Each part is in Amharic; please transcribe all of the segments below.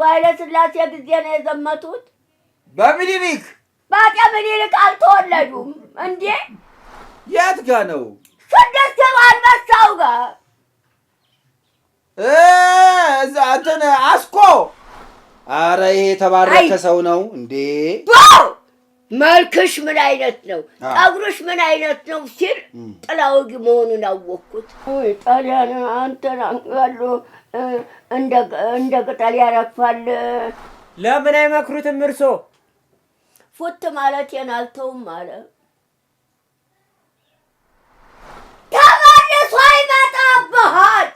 በኃይለስላሴ ጊዜ ነው የዘመቱት። በምኒልክ በአጤ ምኒልክ አልተወለዱም እንዴ? የት ጋ ነው? ስድስት አንበሳው ጋ እንትን አስኮ። አረ ይሄ የተባረከ ሰው ነው እንዴ? መልክሽ ምን አይነት ነው? ጸጉርሽ ምን አይነት ነው ሲል ጥላውግ መሆኑን አወቅኩት። ጣሊያን አንተን ያሉ እንደ ቅጠል ያረግፋል። ለምን አይመክሩትም? እርሶ ፉት ማለት የናልተውም አለ። ተመልሶ ይመጣብሃል።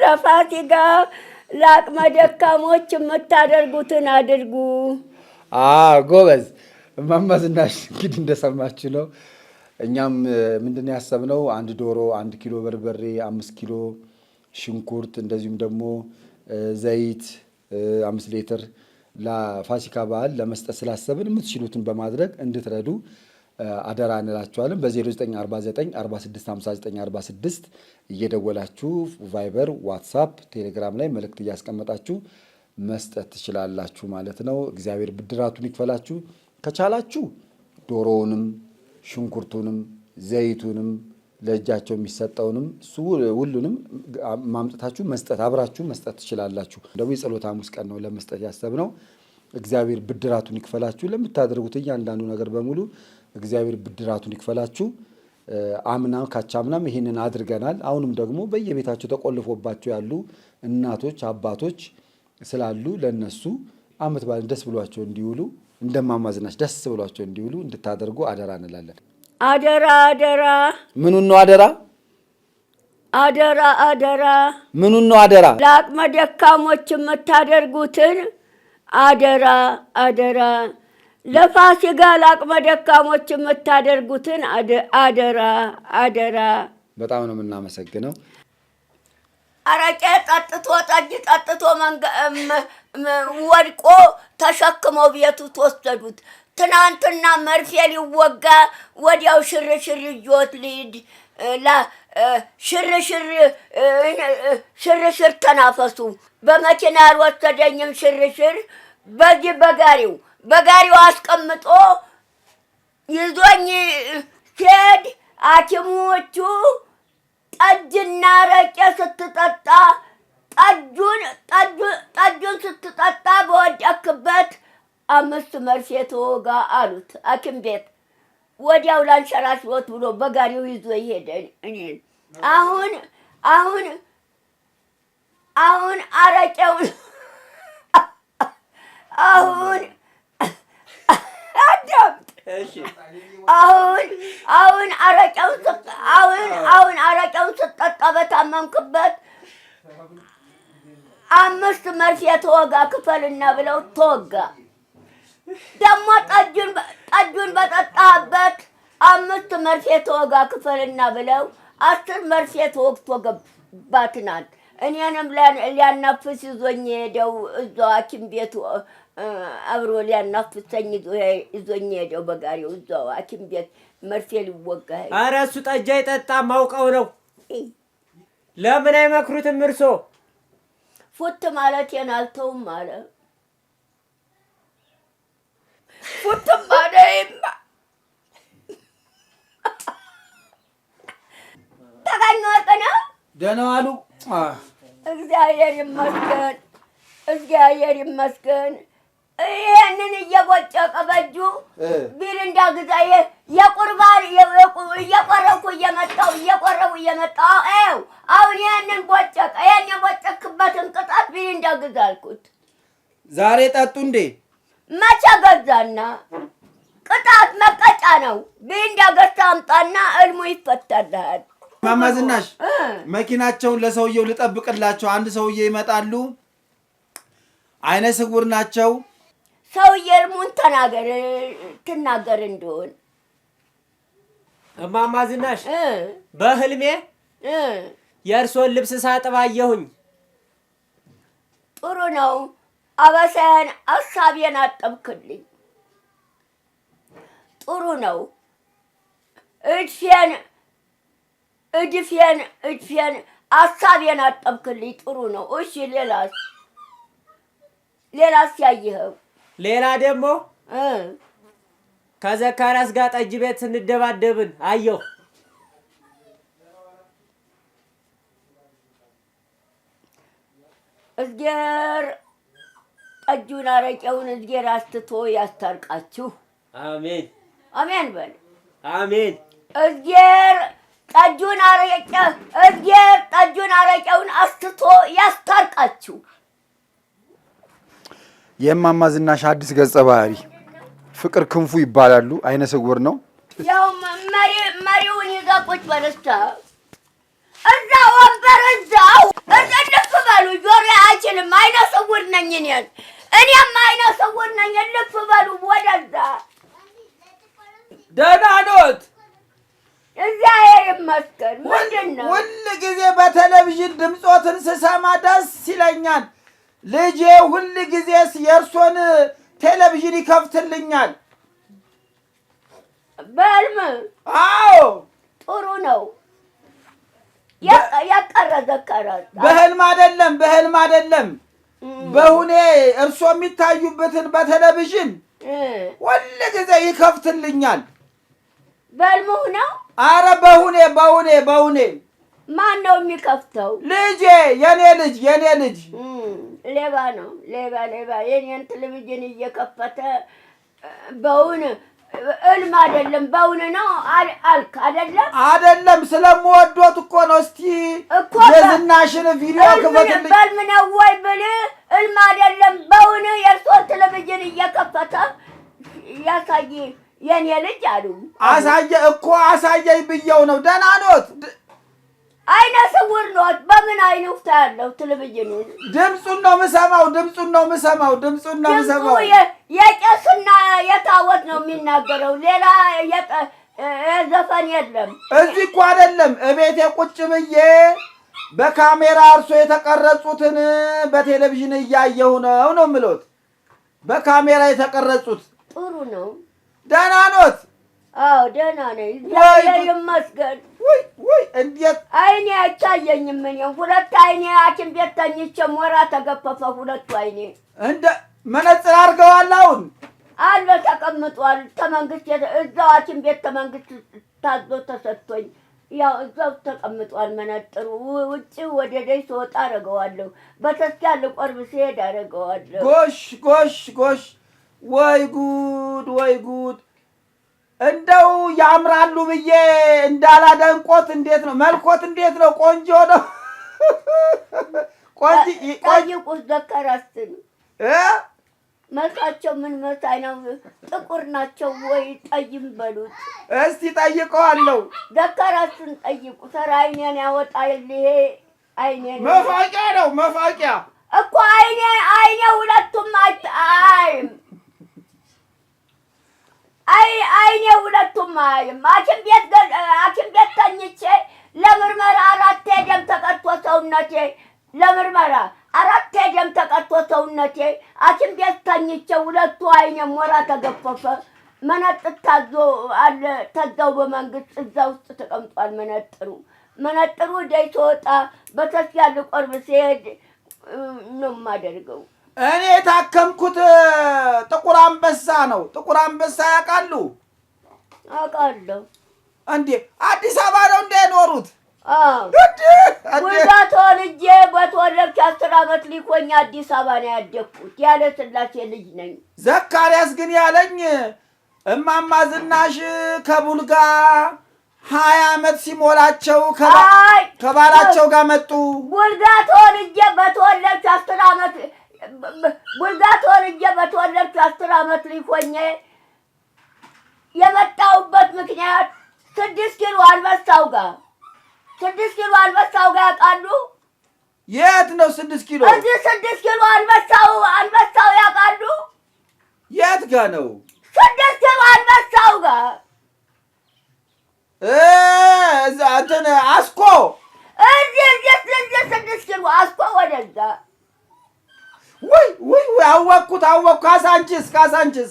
ለፋሲካ ለአቅመ ደካሞች የምታደርጉትን አድርጉ። ጎበዝ እማማ ዝናሽ እንግዲህ እንደሰማችሁ ነው። እኛም ምንድን ነው ያሰብነው አንድ ዶሮ፣ አንድ ኪሎ በርበሬ፣ አምስት ኪሎ ሽንኩርት እንደዚሁም ደግሞ ዘይት አምስት ሌትር ለፋሲካ በዓል ለመስጠት ስላሰብን የምትችሉትን በማድረግ እንድትረዱ አደራ እንላችኋለን። በ0949465946 እየደወላችሁ ቫይበር፣ ዋትሳፕ፣ ቴሌግራም ላይ መልእክት እያስቀመጣችሁ መስጠት ትችላላችሁ ማለት ነው። እግዚአብሔር ብድራቱን ይክፈላችሁ። ከቻላችሁ ዶሮውንም ሽንኩርቱንም ዘይቱንም ለእጃቸው የሚሰጠውንም እሱ ሁሉንም ማምጠታችሁ መስጠት አብራችሁ መስጠት ትችላላችሁ። ደግሞ የጸሎት ሐሙስ ቀን ነው ለመስጠት ያሰብነው። እግዚአብሔር ብድራቱን ይክፈላችሁ። ለምታደርጉት እያንዳንዱ ነገር በሙሉ እግዚአብሔር ብድራቱን ይክፈላችሁ። አምና ካቻምናም ይህንን አድርገናል። አሁንም ደግሞ በየቤታቸው ተቆልፎባቸው ያሉ እናቶች አባቶች ስላሉ ለነሱ አመት በዓልን ደስ ብሏቸው እንዲውሉ እንደማማዝናች ደስ ብሏቸው እንዲውሉ እንድታደርጉ አደራ እንላለን። አደራ አደራ። ምኑን ነው አደራ? አደራ አደራ። ምኑን ነው አደራ? ለአቅመ ደካሞች የምታደርጉትን አደራ አደራ። ለፋሲካ ለአቅመ ደካሞች የምታደርጉትን አደራ አደራ። በጣም ነው የምናመሰግነው። አረቄ ጠጥቶ ጠጅ ጠጥቶ ወድቆ ተሸክመው ቤቱ ተወሰዱት። ትናንትና መርፌ ሊወጋ ወዲያው ሽርሽር ይዞት ልሂድ ሽርሽር ተናፈሱ። በመኪና አልወሰደኝም። ሽርሽር በዚህ በጋሪው በጋሪው አስቀምጦ ይዞኝ ሲሄድ ሐኪሞቹ ጠጅና አረቄ ስትጠጣ ጠጁን ጠጁን ስትጠጣ በወደክበት አምስት መርፌ ተወጋ አሉት ሐኪም ቤት። ወዲያው ላንሸራሽሮት ብሎ በጋሪው ይዞ ይሄደ። እኔን አሁን አሁን አሁን አረቄውን አሁን አሁን አሁን አረቄውን አሁን አሁን አረቄውን ስጠጣ በታመምክበት አምስት መርፌ ተወጋ ክፈልና ብለው ተወጋ። ደግሞ ጠጁን ጠጁን በጠጣህበት አምስት መርፌ ተወጋ ክፈልና ብለው አስር መርፌ ተወግቶ ገባ እኔንም ሊያናፍስ ይዞኝ የሄደው እዛው ሐኪም ቤት አብሮ ሊያናፍሰኝ ይዞኝ ሄደው በጋሪው እዛው ሐኪም ቤት መርፌ ሊወጋ። አረ እሱ ጠጃ ይጠጣ ማውቀው ነው። ለምን አይመክሩትም እርሶ? ፉት ማለት ማለቴን አልተውም አለ። ፉት ማለይማ ተቃኘዋል። ቀና ደህና ዋሉ። እግዚአብሔር ይመስገን፣ እግዚአብሔር ይመስገን። ይህንን እየቦጨቀ በእጁ ቢልንዳ ግዛ የቁርባን እየቆረብኩ እየመጣው እየቆረብኩ እየመጣሁ ው አሁን ይህንን ቦጨቀ። ይህን የቦጨክበትን ቅጣት ቢልንዳ ግዛ አልኩት። ዛሬ ጠጡ እንዴ? መቼ ገዛና ቅጣት መቀጫ ነው። ቢልንዳ ገዝተህ አምጣና እልሙ ይፈታልሃል። እማማ ዝናሽ መኪናቸውን ለሰውየው ልጠብቅላቸው። አንድ ሰውዬ ይመጣሉ፣ አይነ ስውር ናቸው ሰው የልሙን ተናገር ትናገር እንደሆን እማማ ዝናሽ በህልሜ የእርሶን ልብስ ሳጥብ አየሁኝ። ጥሩ ነው። አበሳያን አሳቤን አጠብክልኝ። ጥሩ ነው። እድፌን እድፌን እድፌን አሳቤን አጠብክልኝ። ጥሩ ነው። እሺ ሌላስ ሌላስ ያየኸው ሌላ ደግሞ ከዘካርያስ ጋር ጠጅ ቤት ስንደባደብን አየሁ። እዝጌር ጠጁን አረቄውን እዝጌር አስትቶ ያስታርቃችሁ። አሜን አሜን በል አሜን። እዝጌር ጠጁን አረቄ እዝጌር ጠጁን አረቄውን አስትቶ ያስታርቃችሁ። የእማማ ዝናሽ አዲስ ገጸ ባህሪ ፍቅር ክንፉ ይባላሉ። አይነ ስውር ነው። ያው መሪውን ይዛ ቁጭ እዛ ወንበር እዛው እልፍ በሉ። ጆሮ አይችልም። አይነ ስውር ነኝ እኔን እኔም አይነ ስውር ነኝ። እልፍ በሉ ወደዛ። ደህና ኖት? እግዚአብሔር ይመስገን። ምንድን ነው ሁል ጊዜ በቴሌቪዥን ድምፆትን ስሰማ ደስ ይለኛል። ልጄ ሁል ጊዜስ የእርሶን ቴሌቪዥን ይከፍትልኛል። በልም። አዎ። ጥሩ ነው። ያቀረ ዘቀረ በህልም አይደለም፣ በህልም አይደለም። በሁኔ እርሶ የሚታዩበትን በቴሌቪዥን ሁል ጊዜ ይከፍትልኛል። በልሙ ነው? አረ በሁኔ በሁኔ በሁኔ ማን ነው የሚከፍተው? ልጄ፣ የኔ ልጅ፣ የኔ ልጅ ሌባ ነው። ሌባ ሌባ የኔን ቴሌቪዥን እየከፈተ በውን እልም አይደለም፣ በውን ነው አልክ አይደለም? አይደለም፣ ስለምወዶት እኮ ነው። እስቲ የዝናሽን ቪዲዮ ክፈትልኝ። በልም ነው ወይ ብል እልም አይደለም፣ በውን የእርስዎን ቴሌቪዥን እየከፈተ ያሳይ የኔ ልጅ አሉ። አሳየ እኮ አሳየኝ ብየው ነው። ደህና ኖት? አይነ ስውር ነው። በምን አይነ ውፍታ ያለው ትልብይን ድምፁን ነው የምሰማው። ድምፁን ነው የምሰማው። ድምፁን ነው የምሰማው። የቄሱና የታወት ነው የሚናገረው። ሌላ ዘፈን የለም። እዚህ እኮ አይደለም እቤቴ ቁጭ ብዬ በካሜራ እርሶ የተቀረጹትን በቴሌቪዥን እያየሁ ነው ነው የምሎት። በካሜራ የተቀረጹት ጥሩ ነው። ደህና ኖት? አዎ ደህና ነኝ፣ እግዚአብሔር ይመስገን። ውይ ውይ፣ እንዴት አይኔ አይታየኝም። እኔ ሁለት አይኔ ሐኪም ቤት ተኝቼ ሞራ ተገፈፈ ሁለቱ አይኔ። እንደ መነጽር አድርገዋል አሁን አለ ተቀምጧል። ተመንግስት እዛው ሐኪም ቤት ተመንግስት ታዞ ተሰጥቶኝ ያው እዛው ተቀምጧል መነጥሩ። ውጭ ወደ ደይ ስወጣ አደርገዋለሁ። በተስኪያን ልቆርብ ሲሄድ አደርገዋለሁ። ጎሽ ጎሽ ጎሽ! ወይ ጉድ ወይ ጉድ! እንደው ያምራሉ ብዬ እንዳላደንቆት እንዴት ነው? መልኮት እንዴት ነው? ቆንጆ ነው። ጠይቁት ዘከራስን መልካቸው ምን መሳይ ነው? ጥቁር ናቸው ወይ ጠይም በሉት እስቲ። ጠይቀዋለሁ። ዘከራስን ጠይቁ። ኧረ አይኔን ያወጣል ይሄ አይኔን መፋቂያ ነው መፋቂያ እኮ አይኔ አይኔ ሁለቱም አይም አይ አይኔ ሁለቱም አይም ሐኪም ቤት ሐኪም ቤት ተኝቼ ለምርመራ አራት ደም ተቀጥቶ ሰውነቴ ለምርመራ አራት ደም ተቀጥቶ ሰውነቴ ሐኪም ቤት ተኝቼ ሁለቱ አይኔ ሞራ ተገፈፈ። መነጥር ታዞ አለ ተዛው በመንግስት እዛ ውስጥ ተቀምጧል። መነጥሩ መነጥሩ ደይ ተወጣ በተስፋ ልቆርብ ሲሄድ ነው የማደርገው። እኔ የታከምኩት ጥቁር አንበሳ ነው። ጥቁር አንበሳ ያውቃሉ? አውቃለሁ። እንዴ አዲስ አበባ ነው እንደ ኖሩት? ጉዳ ተወልጄ በተወለድኩ አስር ዓመት ሊኮኝ አዲስ አበባ ነው ያደግኩት። ያለ ስላሴ ልጅ ነኝ። ዘካርያስ ግን ያለኝ እማማ ዝናሽ ከቡልጋ ሀያ አመት ሲሞላቸው ከባላቸው ጋር መጡ። ጉልጋ ተወልጄ በተወለድኩ አስር ዓመት ጉልበት ወልጄ በተወለድኩ አስር አመት ልጅ ሆኜ የመጣሁበት ምክንያት ስድስት ኪሎ አንበሳው ጋር ስድስት ኪሎ አንበሳው ጋር ያውቃሉ። የት ነው ስድስት ኪሎ? እዚህ ስድስት ኪሎ አንበሳው አንበሳው ያውቃሉ። የት ጋ ነው ስድስት ኪሎ አንበሳው ጋር እንትን አስኮ እዚህ እዚህ ስድስት ኪሎ አስኮ ወደዛ ውይ ውይ ውይ! አወቅኩት አወቅኩት። ካሳንችስ ካሳንችስ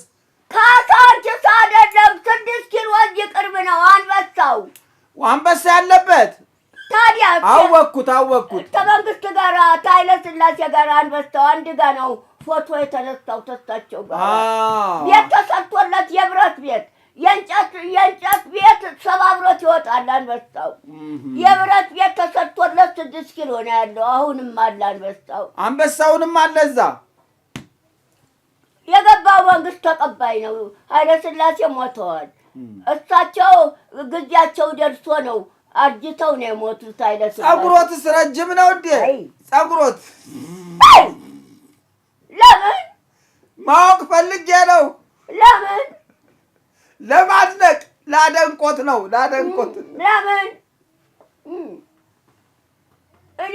ካሳንችስ አይደለም፣ ስድስት ኪሎ ይቅርብ ነው አንበሳው አንበሳ ያለበት ታዲያ አወቅኩት አወቅኩት። ከመንግስት ጋር ከኃይለ ሥላሴ ጋር አንበሳው አንድ ጋ ነው ፎቶ የተነሳው ተሳቸው ጋር ቤት ተሰርቶለት የብረት ቤት የእንጨት የእንጨት ቤት ሰባብሮት ይወጣል አንበሳው። የብረት ቤት ተሰጥቶለት ስድስት ኪሎ ነው ያለው። አሁንም አለ አንበሳው፣ አንበሳውንም አለ እዛ። የገባው መንግስት ተቀባይ ነው። ኃይለ ስላሴ ሞተዋል። እሳቸው ጊዜያቸው ደርሶ ነው አርጅተው ነው የሞቱት። ኃይለ ጸጉሮትስ ረጅም ነው እንዴ? ጸጉሮት ለምን ማወቅ ፈልጌ ነው። ለምን ለማድነቅ ላደንቆት ነው። ላደንቆት ለምን እኔ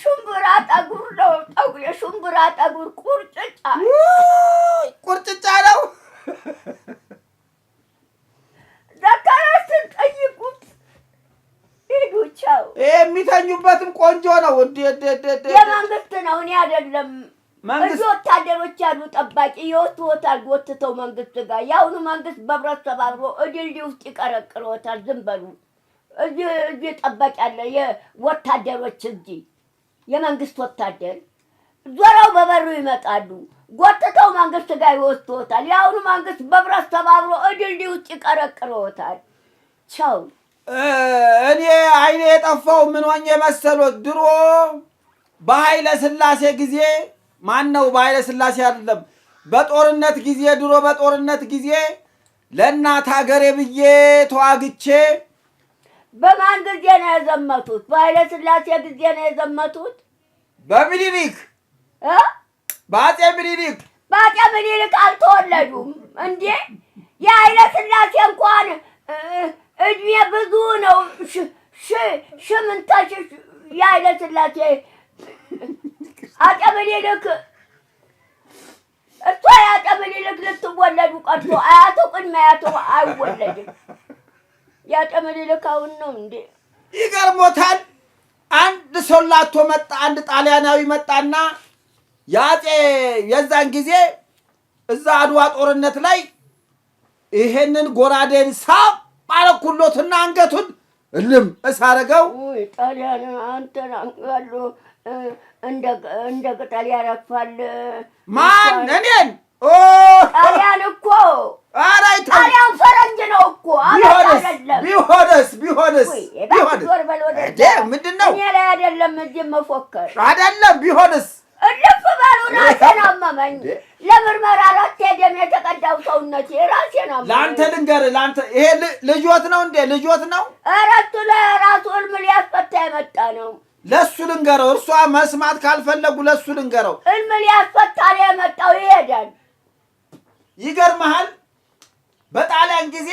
ሽምብራ ጠጉር ነው ጠጉር የሽምብራ ጠጉር ቁርጭጫ ቁርጭጫ ነው። ዘካሪያስን ጠይቁት። ሄዱቻው የሚተኙበትም ቆንጆ ነው። የመንግስት ነው እኔ አይደለም ብዙ ወታደሮች ያሉ ጠባቂ ይወስድዎታል፣ ጎትተው መንግስት ጋር። የአሁኑ መንግስት በብረት ሰባብሮ እድልድይ ውስጥ ይቀረቅሮታል። ዝም በሉ። እዚህ ጠባቂ አለ፣ የወታደሮች እጅ፣ የመንግስት ወታደር ዞረው በበሩ ይመጣሉ፣ ጎትተው መንግስት ጋር ይወስድዎታል። የአሁኑ መንግስት በብረት ሰባብሮ እድልድይ ውስጥ ይቀረቅሮታል። ቸው እኔ አይኔ የጠፋው ምን ሆኜ መሰሎት ድሮ በኃይለ ስላሴ ጊዜ ማን ነው? በኃይለ ሥላሴ አይደለም። በጦርነት ጊዜ ድሮ በጦርነት ጊዜ ለእናት ሀገሬ ብዬ ተዋግቼ በማን ጊዜ ነው የዘመቱት? በኃይለ ሥላሴ ጊዜ ነው የዘመቱት። በምኒልክ በአጼ ምኒልክ በአጼ ምኒልክ አልተወለዱም እንዴ? የኃይለ ሥላሴ እንኳን እድሜ ብዙ ነው። ሽምንተሽ የኃይለ ሥላሴ አጠበሌ ልክ እሷ የአጠበሌ ልክ ልትወለዱ ቀርቶ አያቶ ቅድመ አያቶ አይወለድም። የአጠበሌ ልክ አሁን ነው እንዴ? ይገርሞታል። አንድ ሶላቶ መጣ፣ አንድ ጣሊያናዊ መጣና የአጼ የዛን ጊዜ እዛ አድዋ ጦርነት ላይ ይሄንን ጎራዴን ሳብ ባለኩሎትና አንገቱን እልም እሳረገው ጣሊያን አንተን እንደ ቅጠል ያረግፋል። ማን? እኔን? ጣሊያን እኮ ጣሊያን ፈረንጅ ነው እኮ። ቢሆንስ ቢሆንስ ምንድን ነው? እኔ ላይ አይደለም እዚህ መፎከር አይደለም። ቢሆንስ እልፍ በሉ። ራሴን አመመኝ። ለምርመራ ረት ደም የተቀዳው ሰውነቴ ራሴ ነው። ለአንተ ልንገር፣ ለአንተ ይሄ ልጆት ነው እንዴ? ልጆት ነው። ረቱ ለራሱ እልም ሊያስፈታ የመጣ ነው። ለሱ ልንገረው። እርሷ መስማት ካልፈለጉ ለሱ ልንገረው። ህልም ሊያስፈታል የመጣው ይሄዳል። ይገርመሃል፣ በጣሊያን ጊዜ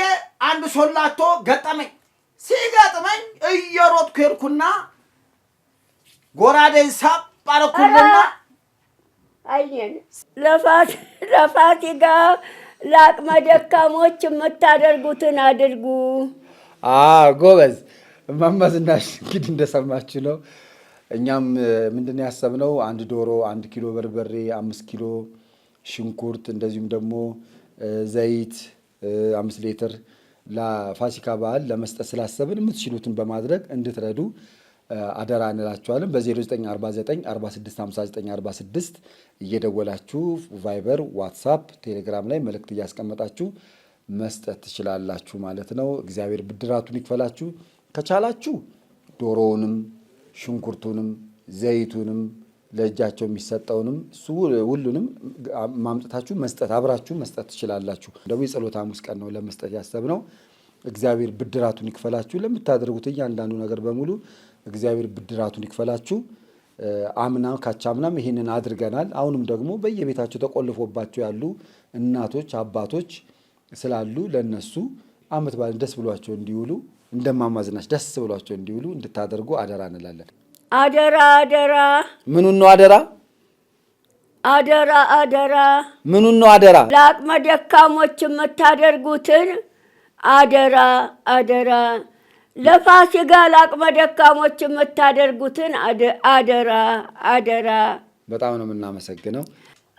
አንድ ሶላቶ ገጠመኝ። ሲገጥመኝ እየሮጥኩ ሄድኩና ጎራዴን ሳብ አረኩና አይኔን ጋር ለአቅመ ደካሞች የምታደርጉትን አድርጉ። ጎበዝ እማማ ዝናሽ እንግዲህ እንደሰማችሁ ነው። እኛም ምንድን ያሰብነው አንድ ዶሮ፣ አንድ ኪሎ በርበሬ፣ አምስት ኪሎ ሽንኩርት፣ እንደዚሁም ደግሞ ዘይት አምስት ሌትር ለፋሲካ በዓል ለመስጠት ስላሰብን የምትችሉትን በማድረግ እንድትረዱ አደራ እንላችኋለን። በ0949465946 እየደወላችሁ ቫይበር፣ ዋትሳፕ፣ ቴሌግራም ላይ መልእክት እያስቀመጣችሁ መስጠት ትችላላችሁ ማለት ነው። እግዚአብሔር ብድራቱን ይክፈላችሁ። ከቻላችሁ ዶሮውንም ሽንኩርቱንም ዘይቱንም ለእጃቸው የሚሰጠውንም እሱ ሁሉንም ማምጠታችሁ መስጠት አብራችሁ መስጠት ትችላላችሁ። ደግሞ የጸሎተ ሐሙስ ቀን ነው ለመስጠት ያሰብነው። እግዚአብሔር ብድራቱን ይክፈላችሁ። ለምታደርጉት እያንዳንዱ ነገር በሙሉ እግዚአብሔር ብድራቱን ይክፈላችሁ። አምና ካቻምናም ይህንን አድርገናል። አሁንም ደግሞ በየቤታቸው ተቆልፎባቸው ያሉ እናቶች አባቶች ስላሉ ለነሱ አመት በዓልን ደስ ብሏቸው እንዲውሉ እንደማማዝናች ደስ ብሏቸው እንዲውሉ እንድታደርጉ አደራ እንላለን። አደራ አደራ። ምኑን ነው አደራ? አደራ አደራ። ምኑን ነው አደራ? ለአቅመ ደካሞች የምታደርጉትን አደራ አደራ። ለፋሲካ ለአቅመ ደካሞች የምታደርጉትን አደራ አደራ። በጣም ነው የምናመሰግነው።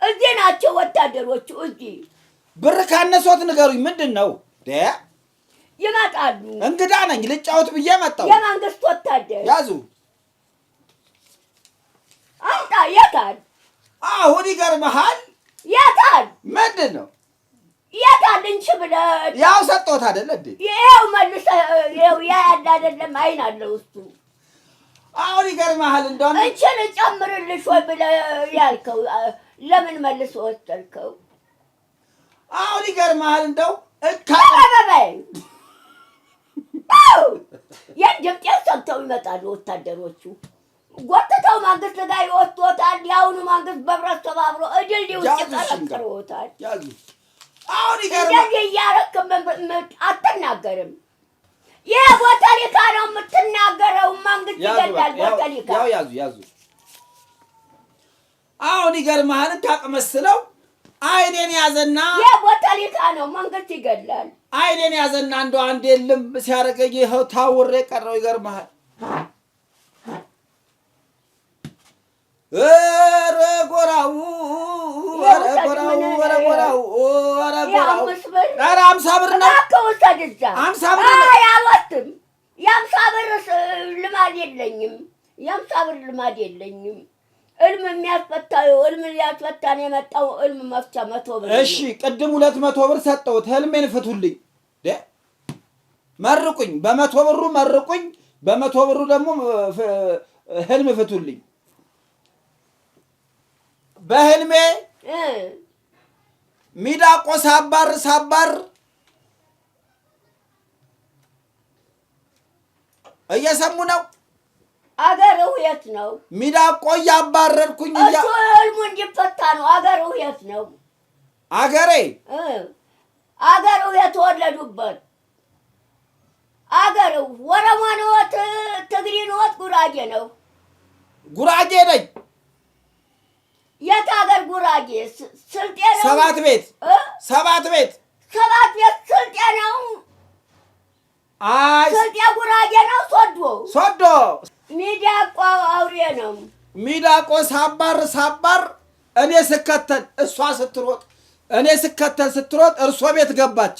እዚህ ናቸው ወታደሮቹ። እዚህ ብር ካነሶት ንገሩኝ። ምንድን ነው ይመጣሉ። እንግዳ ነኝ ልጫወት ብዬ መጣሁ። የመንግስት ወታደር ያዙ። አምጣ። የታል? አሁን ይገርመሃል። የታል? ምንድን ነው የታል? እንቺ ብለህ ያው ሰጠሁት አይደለ እንዴ? ይኸው መልሰህ ይኸው። ያ ያለ አይደለም አይን አለው እሱ። አሁን ይገርመሃል። እንደውም እንቺ ልጨምርልሽ ወይ ብለህ ያልከው ለምን መልስ ወሰድከው? አሁን ይገርመሃል እንደው እካ ጀብጤን ሰብተው ይመጣሉ ወታደሮቹ። ጎትተው መንግስት ጋር ይወስዶታል። የአሁኑ መንግስት በብረት ተባብሮ እድል ውስጥ ይቀረቅሮታል። እንደዚህ እያረክ አትናገርም። ይህ ቦተሊካ ነው የምትናገረው። መንግስት ቦተሊካ ያዙ ያዙ። አሁን ይገርመሃል ታቅመስለው አይኔን ያዘና የቦተሊካ ነው መንግስት ይገላል። አይኔን ያዘና እንደ አንድ የለም ሲያደርገኝ ይኸው ታውሬ ቀረው። ይገርመሃል። ኧረ ጎራው ኧረ አምሳ ብር ነው አምሳ ብር የአምሳ ብር ልማድ የለኝም። የአምሳ ብር ልማድ የለኝም። እልም የሚያስፈታ እልም ሊያስፈታን የመጣው እልም መፍቻ መቶ ብር። እሺ ቅድም ሁለት መቶ ብር ሰጠሁት። ህልሜን ፍቱልኝ፣ መርቁኝ። በመቶ ብሩ መርቁኝ፣ በመቶ ብሩ ደግሞ ህልም ፍቱልኝ። በህልሜ ሚዳቆ ሳባር ሳባር እየሰሙ ነው አገር የት ነው። ሚዳቆ እያባረርኩኝ እሱ ህልሙ እንዲፈታ ነው። አገር የት ነው። አገሬ አገር የተወለዱበት ተወለዱበት አገር ወረሞ ንወት ትግሪ ንወት ጉራጌ ነው። ጉራጌ ነኝ። የት አገር ጉራጌ? ስልጤ ነው። ሰባት ቤት ሰባት ቤት ሰባት ቤት ስልጤ ነው። ስልጤ ጉራጌ ነው። ሶዶ ሶዶ ሚዳቆ አውሬ ነው። ሚዳቆ ሳባር ሳባር እኔ ስከተል እሷ ስትሮጥ እኔ ስከተል ስትሮጥ እርሶ ቤት ገባች።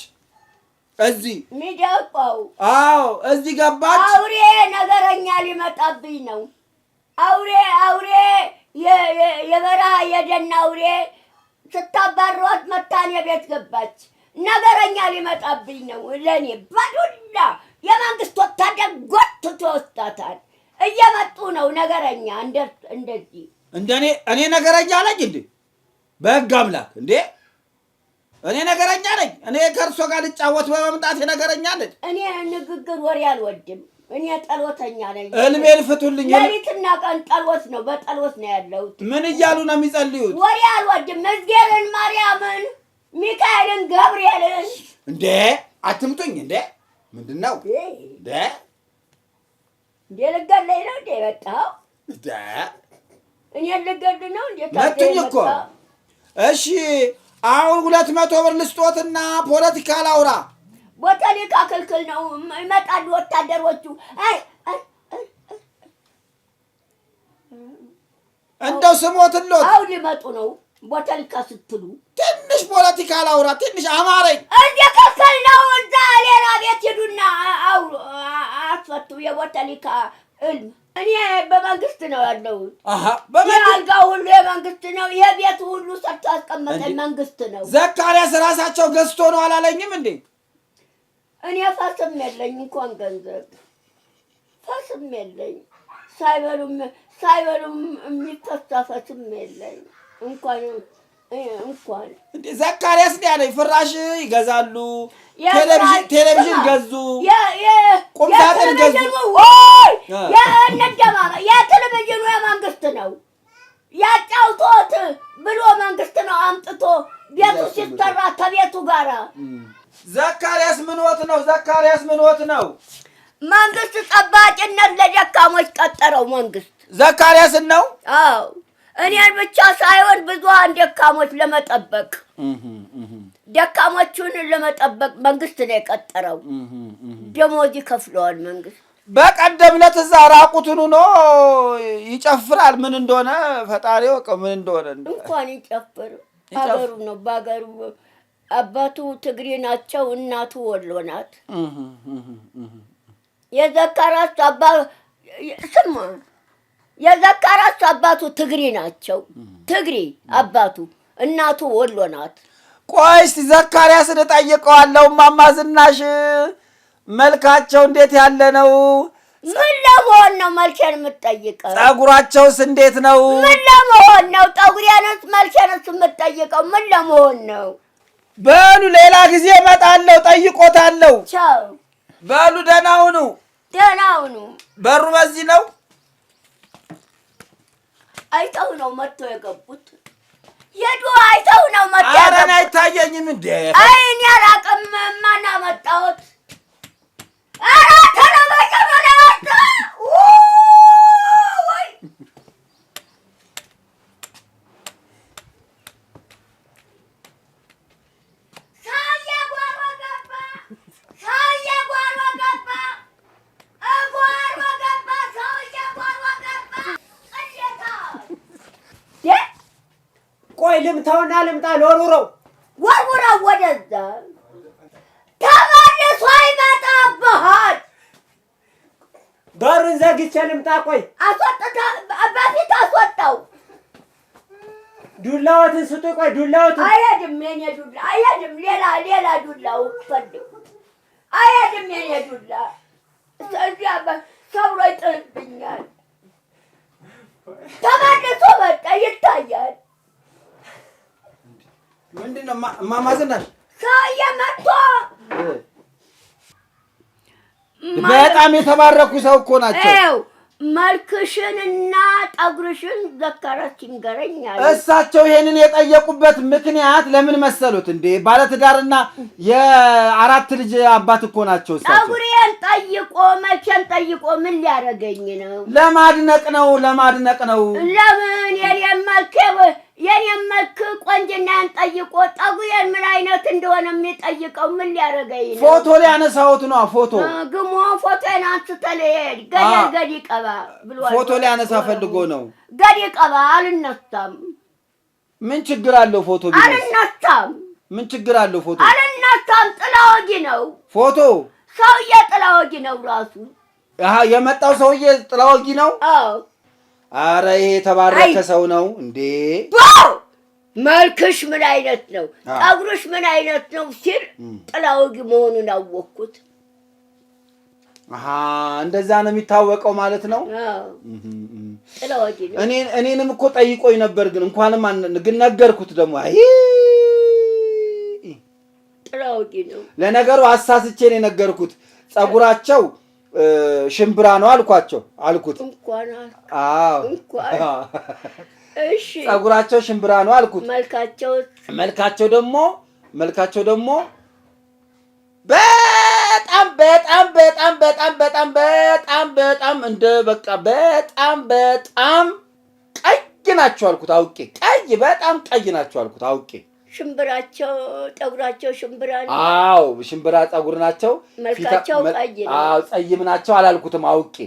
እዚህ ሚዳቋው አዎ፣ እዚህ ገባች። አውሬ ነገረኛ ሊመጣብኝ ነው። አውሬ አውሬ የበረሃ የደን አውሬ ስታባሯት መታኔ ቤት ገባች። ነገረኛ ሊመጣብኝ ነው። ለእኔ በዱላ የመንግስት ወታደር ጎትቶ ወስዳታል። እየመጡ ነው። ነገረኛ እንደዚህ እንደኔ እኔ ነገረኛ ነኝ እንዴ? በህግ አምላክ እንዴ! እኔ ነገረኛ ነኝ። እኔ ከእርሶ ጋር ልጫወት በመምጣት ነገረኛ ነኝ። እኔ ንግግር ወሬ አልወድም። እኔ ጠሎተኛ ነኝ። እልሜ ፍቱልኝ። ሌሊትና ቀን ጠሎት ነው፣ በጠሎት ነው ያለሁት። ምን እያሉ ነው የሚጸልዩት? ወሬ አልወድም። እዝጌርን፣ ማርያምን፣ ሚካኤልን፣ ገብርኤልን እንዴ አትምጡኝ። እንዴ ምንድን ነው እንዴ እንዴ ልገለኝ ነው እንዴ የመጣኸው? እኔ ልገድ ነው እንዴ? መቱኝ እኮ። እሺ አሁን ሁለት መቶ ብር ልስጦትና ፖለቲካ ላውራ። ፖለቲካ ክልክል ነው። ይመጣሉ ወታደሮቹ። እንደው ስሞትሎት አሁን ሊመጡ ነው። ፖለቲካ ስትሉ ትንሽ ፖለቲካ ላውራ። ትንሽ አማረኝ እንዴ። ክልክል ነው። እዛ ሌላ ቤት ሂዱና አውሩ አስፈቱ የቦተሊካ እልም እኔ በመንግስት ነው ያለሁት። አልጋ ሁሉ የመንግስት ነው፣ የቤት ሁሉ ሰርቶ ያስቀመጠኝ መንግስት ነው። ዘካሪያስ ራሳቸው ገዝቶ ነው አላለኝም እንዴ? እኔ ፈስም የለኝ እንኳን ገንዘብ ፈስም የለኝ፣ ሳይበሉም ሳይበሉም የሚፈሳ ፈስም የለኝ እንኳን ዘካርያስ ያ ነው። ፍራሽ ይገዛሉ፣ ቴሌቪዥን ገዙ፣ ቁም ሳጥን ገዙ። የቴሌቪዥኑ የመንግስት ነው ያጫውቶት ብሎ መንግስት ነው አምጥቶ ቤቱ ሲሰራ ከቤቱ ጋር ዘካርያስ ምንወት ነው? ዘካርያስ ምንወት ነው? መንግስት ጠባቂነት ለደካሞች ቀጠረው መንግስት ዘካርያስን ነው። አዎ እኔን ብቻ ሳይሆን ብዙሀን ደካሞች ለመጠበቅ ደካሞቹን ለመጠበቅ መንግስት ነው የቀጠረው። ደሞዝ ይከፍለዋል መንግስት። በቀደም ዕለት እዛ ራቁቱን ሆኖ ይጨፍራል። ምን እንደሆነ ፈጣሪ ወቀ ምን እንደሆነ እንኳን ይጨፍር፣ ሀገሩ ነው። በሀገሩ አባቱ ትግሬ ናቸው፣ እናቱ ወሎ ናት። የዘካራስ አባ ስማ የዘካራቸው አባቱ ትግሪ ናቸው። ትግሪ አባቱ፣ እናቱ ወሎ ናት። ቆይ እስቲ ዘካርያስን እጠይቀዋለሁ። እማማ ዝናሽ መልካቸው እንዴት ያለ ነው? ምን ለመሆን ነው መልኬን የምትጠይቀው? ጸጉራቸውስ እንዴት ነው? ምን ለመሆን ነው ጸጉሬንስ መልኬንስ የምትጠይቀው? ምን ለመሆን ነው? በሉ ሌላ ጊዜ እመጣለሁ፣ ጠይቆታለሁ። ቻው። በሉ ደህና ሁኑ፣ ደህና ሁኑ። በሩ በዚህ ነው። አይተው ነው መጥቶ የገቡት። የድሮ አይተው ነው መጥቶ የገቡት። ኧረ እኔ አይታየኝም እንደ አይ እኔ አላውቅም ማን አመጣሁት። ቆይ ልምታውና ልምጣ ለወርውረው ወርውረው ወደዛ ተመልሶ ይመጣብሃል። በሩን ዘግቼ ልምጣ። ቆይ በፊት አስወጣው። ዱላዎትን ስጡ። ቆይ ዱላዎትን አይሄድም። የኔ ዱላ አይሄድም። ሌላ ሌላ ዱላው ፈልግ። አይሄድም። የኔ ዱላ እዚያ ሰብሮ ይጥልብኛል። ተመልሶ መጣ ይታያል ምንድን ነው እማማ ዝናሽ? ሰውዬ መጥቶ በጣም የተባረኩ ሰው እኮ ናቸው። መልክሽንና ጠጉርሽን ዘከረች ይንገረኛል። እሳቸው ይሄንን የጠየቁበት ምክንያት ለምን መሰሉት? እንዴ ባለትዳርና የአራት ልጅ አባት እኮ ናቸው። ጠጉሬን ጠይቆ መቼም ጠይቆ ምን ሊያደርገኝ ነው? ለማድነቅ ነው፣ ለማድነቅ ነው። ለምን የኔ መልክ የኔም መልክ ቆንጅናን ጠይቆ ጠጉዬን ምን አይነት እንደሆነ የሚጠይቀው ምን ሊያደርገኝ ነው? ፎቶ ሊያነሳሁት ነዋ። ፎቶ ግሞ ፎቶን አንስተ ልሄድ ገደል ገዲ ቀባ ብሎ ፎቶ ሊያነሳ ፈልጎ ነው። ገዲ ቀባ አልነሳም። ምን ችግር አለው? ፎቶ አልነሳም። ምን ችግር አለው? ፎቶ አልነሳም። ጥላ ወጊ ነው። ፎቶ ሰውዬ ጥላ ወጊ ነው። ራሱ የመጣው ሰውዬ ጥላ ወጊ ነው። አረ ይሄ የተባረከ ሰው ነው እንዴ! መልክሽ ምን አይነት ነው? ጠጉርሽ ምን አይነት ነው? ሲል ጥላውግ መሆኑን አወቅኩት። እንደዛ ነው የሚታወቀው ማለት ነው። እኔንም እኮ ጠይቆኝ ነበር፣ ግን እንኳንም ግን ነገርኩት። ደግሞ አይ ጥላውጊ ነው። ለነገሩ አሳስቼ ነው የነገርኩት። ጸጉራቸው ሽምብራ ነው አልኳቸው አልኩት። ጸጉራቸው ሽምብራ ነው አልኩት። መልካቸው ደግሞ መልካቸው ደግሞ በጣም በጣም በጣም በጣም በጣም በጣም በጣም እንደ በቃ በጣም በጣም ቀይ ናቸው አልኩት አውቄ ቀይ በጣም ቀይ ናቸው አልኩት አውቄ ሽምብራቸው ጠጉራቸው ሽምብራ ነው። አዎ ሽምብራ ጠጉር ናቸው። መልካቸው ቀይ ነው። አዎ ፀይም ናቸው አላልኩትም፣ አውቄ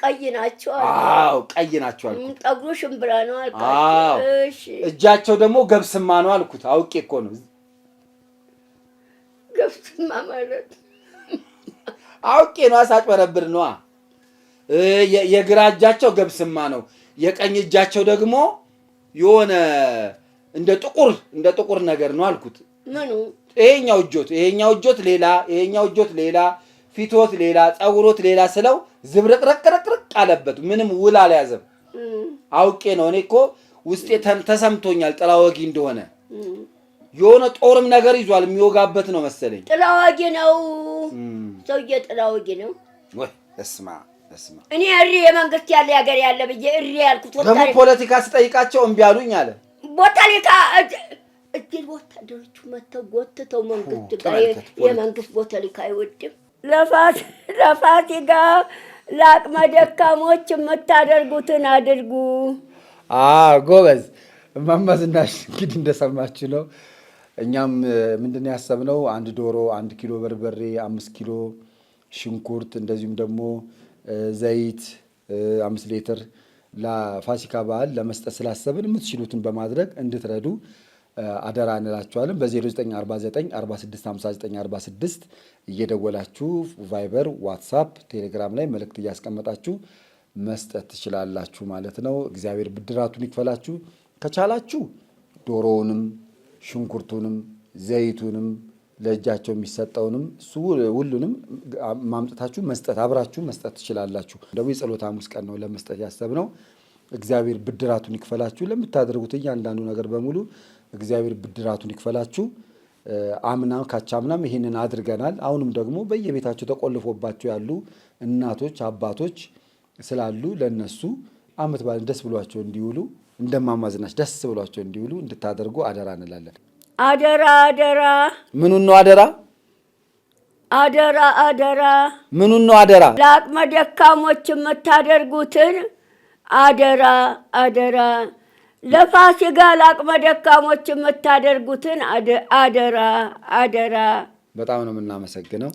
ቀይ ናቸው። አዎ ቀይ ናቸው አልኩት። ጠጉሩ ሽምብራ ነው አልኩት። እሺ እጃቸው ደግሞ ገብስማ ነው አልኩት። አውቄ እኮ ነው ገብስማ ማለት አውቄ ነው። አሳጭበረብር ነዋ። የግራ እጃቸው ገብስማ ነው፣ የቀኝ እጃቸው ደግሞ የሆነ እንደ ጥቁር እንደ ጥቁር ነገር ነው አልኩት። ምኑ ይሄኛው እጆት ይሄኛው እጆት ሌላ ይሄኛው እጆት ሌላ ፊቶት ሌላ ፀጉሮት ሌላ ስለው ዝብርቅርቅርቅርቅ አለበት። ምንም ውል አልያዘም። አውቄ ነው እኔ እኮ ውስጤ ተሰምቶኛል ጥላ ወጊ እንደሆነ የሆነ ጦርም ነገር ይዟል የሚወጋበት ነው መሰለኝ። ጥላ ወጊ ነው ሰውዬ፣ ጥላ ወጊ ነው። ወይ እስማ እኔ እሪ የመንግስት ያለ ያገር ያለ ብዬ እሪ ያልኩት ደግሞ ፖለቲካ ስጠይቃቸው እምቢ አሉኝ አለ ቦታ ሌታ እጅል ቦታ ወታደሮቹ መተው ጎትተው መንግስት ጋር የመንግስት ቦታ ሊካ አይወድም። ለፋት ለፋት ለፋሲካ ለአቅመ ደካሞች የምታደርጉትን አድርጉ። ጎበዝ እማማ ዝናሽ እንግዲህ እንደሰማችሁ ነው። እኛም ምንድን ያሰብነው አንድ ዶሮ፣ አንድ ኪሎ በርበሬ፣ አምስት ኪሎ ሽንኩርት እንደዚሁም ደግሞ ዘይት አምስት ሌትር ለፋሲካ በዓል ለመስጠት ስላሰብን የምትችሉትን በማድረግ እንድትረዱ አደራ እንላችኋለን። በ0949465946 እየደወላችሁ ቫይበር፣ ዋትሳፕ፣ ቴሌግራም ላይ መልእክት እያስቀመጣችሁ መስጠት ትችላላችሁ ማለት ነው። እግዚአብሔር ብድራቱን ይክፈላችሁ። ከቻላችሁ ዶሮውንም ሽንኩርቱንም ዘይቱንም ለእጃቸው የሚሰጠውንም እሱ ሁሉንም ማምጠታችሁ መስጠት አብራችሁ መስጠት ትችላላችሁ። ደግሞ የጸሎት ሐሙስ ቀን ነው ለመስጠት ያሰብነው። እግዚአብሔር ብድራቱን ይክፈላችሁ። ለምታደርጉት እያንዳንዱ ነገር በሙሉ እግዚአብሔር ብድራቱን ይክፈላችሁ። አምና ካቻምናም ይህንን አድርገናል። አሁንም ደግሞ በየቤታቸው ተቆልፎባቸው ያሉ እናቶች አባቶች ስላሉ ለነሱ አመት በዓልን ደስ ብሏቸው እንዲውሉ እንደማማዝናች ደስ ብሏቸው እንዲውሉ እንድታደርጉ አደራ እንላለን። አደራ አደራ። ምኑን ነው አደራ? አደራ አደራ። ምኑን ነው አደራ? ለአቅመ ደካሞች የምታደርጉትን አደራ አደራ። ለፋሲካ ለአቅመ ደካሞች የምታደርጉትን አደራ አደራ። በጣም ነው የምናመሰግነው።